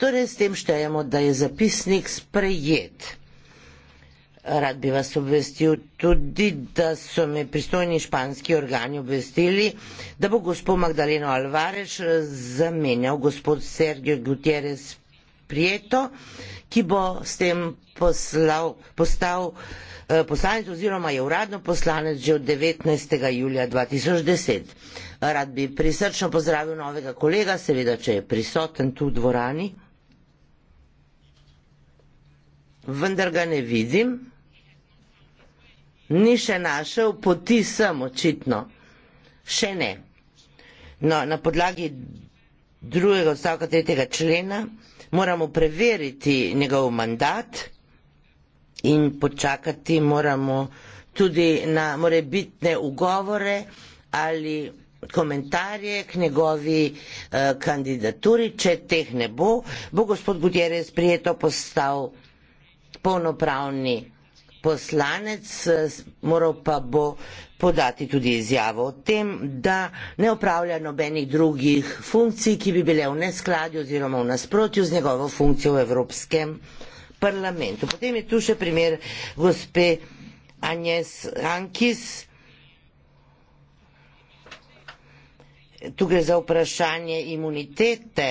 Torej, s tem štejemo, da je zapisnik sprejet. Rad bi vas obvestil tudi, da so me pristojni španski organi obvestili, da bo gospod Magdaleno Alvarez zamenjal gospod Sergio Gutierrez Prieto, ki bo s tem poslal, postal eh, poslanec oziroma je uradno poslanec že od 19. julija 2010. Rad bi prisrčno pozdravil novega kolega, seveda, če je prisoten tu v dvorani vendar ga ne vidim, ni še našel poti sem, očitno. Še ne. No, na podlagi drugega odstavka tretjega člena moramo preveriti njegov mandat in počakati moramo tudi na morebitne ugovore ali komentarje k njegovi eh, kandidaturi. Če teh ne bo, bo gospod Gudjerez prijeto postal polnopravni poslanec, moral pa bo podati tudi izjavo o tem, da ne opravlja nobenih drugih funkcij, ki bi bile v neskladju oziroma v nasprotju z njegovo funkcijo v Evropskem parlamentu. Potem je tu še primer gospe Anjes Ankis. Tu gre za vprašanje imunitete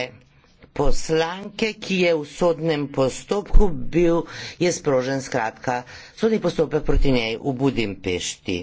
poslanke, ki je v sodnem postopku bil, je sprožen skratka sodni postopek proti njej v Budimpešti.